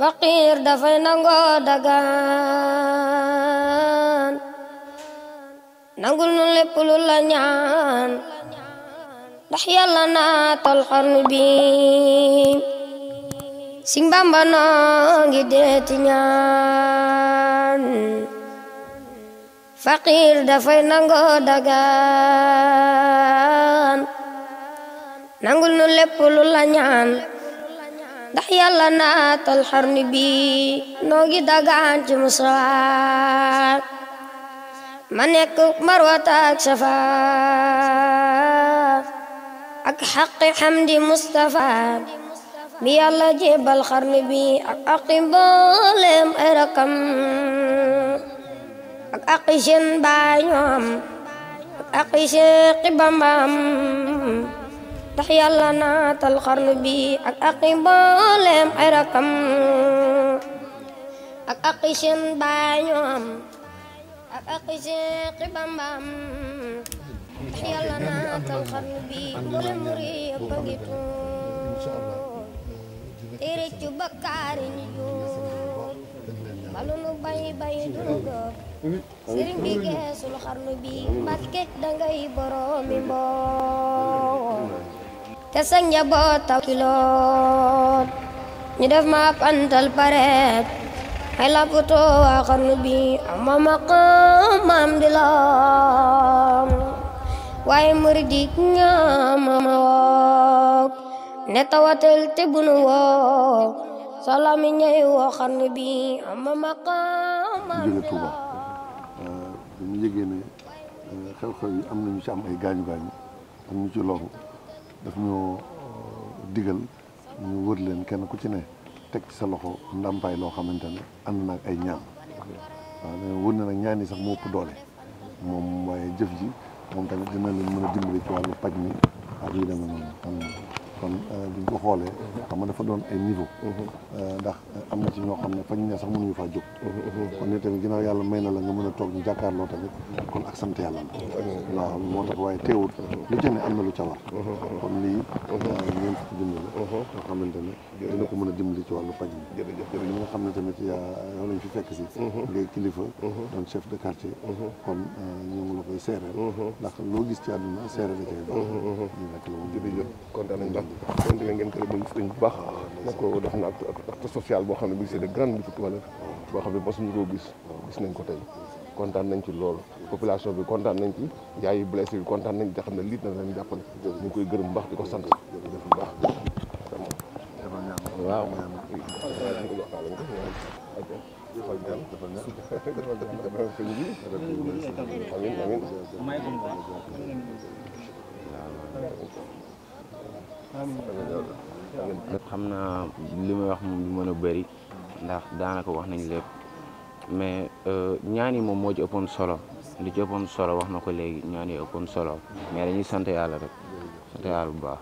faqiir dafay nangoo dagaan nangul nu lépp lu ñaan ndax yàlla naatal xarnu bi si mbamba noo ngi deeti faqiir dafay nango dagaan nangul nu lépp ñaan ndax yàlla naatal xarnu bi noo ngi dagaan ci musawaar ma nekk marwata ak xaqi xamdi mustafa mi yàlla jébal xarnu bi ak aqi mbooleem ay ak aqi seen baay ak aqi seeqi bambam ndax yàlla naatal xarnu bi ak aqi mboolem ay rakam ak aqi seen baay am ak aqi Seexi Bamba am ndax yàlla naatal xarnu bi mboolem muri yëpp a ngi tuub bakkaari ñu juub balu nu bay bay dunu góor sëriñ bi geesul xarnu bi Mbàkke dangay boroomi mboor te sa njaboot taw kiloot ñu def ma pantal pareet ay laputo waa xarnu bi ama di laam waaye muridik ñaama ma ne tawatel te bunu wook i ñay woo xarnu bi di laam bi ñu yëgee am nañu ci ay gaañu gaañu am ñu ci daf ñoo euh, digal ñu wër leen kenn ku ci ne teg ci sa loxo ndàmpaay loo xamante ne ànd naag ay ñaan waaw dañoo wër ne nag ñaan yi sax moo ëpp doole moom waaye jëf ji moom tamit dina leen mën a dimbali ci wàllu paj mi ak yi demee noonu kon euh, buñ ko xoolee xam nga dafa doon ay niveau euh, ndax euh, am na ci ñoo xam ne fañ ne sax mënuñu faa jóg kon ne tamit ginnaaw yàlla may na la nga mën a toog ñu jàkkaarloo tamit kon ak sant yàlla la moo waaye teewul lu ci ne am na lu ca war kon la yoo ko mën a dimbali ci wàllu faj bi ñi nga xam ne tamit yaa yow lañ fi fekk si ngay kilifa doon chef de quartier kon ñu ngi la koy seereel ndax loo gis ci àdduna seereel la cay baax ñu kon defee ngeen koy bëgg sëriñ bu baax na ko def na acte social boo xam ne bi c'est de grande valeur boo xam ne mosuñu koo gis gis nañ ko tey kontaan nañ ci loolu population bi kontaan nañ ci njaay yi blessé bi kontaan nañ ci xam ne liit na leen jàppale ñu ngi koy gërëm baax di ko sant def bu baax waaw amin amin xam naa li may wax moom lu mën a bëri ndax daanaka wax nañ lépp mais euh, ñaan yi moom moo ci ëppoon solo li ci ëppoon solo wax na ko léegi ñaan yi ëppoon solo mais dañuy sant yàlla rek sant yàlla bu baax.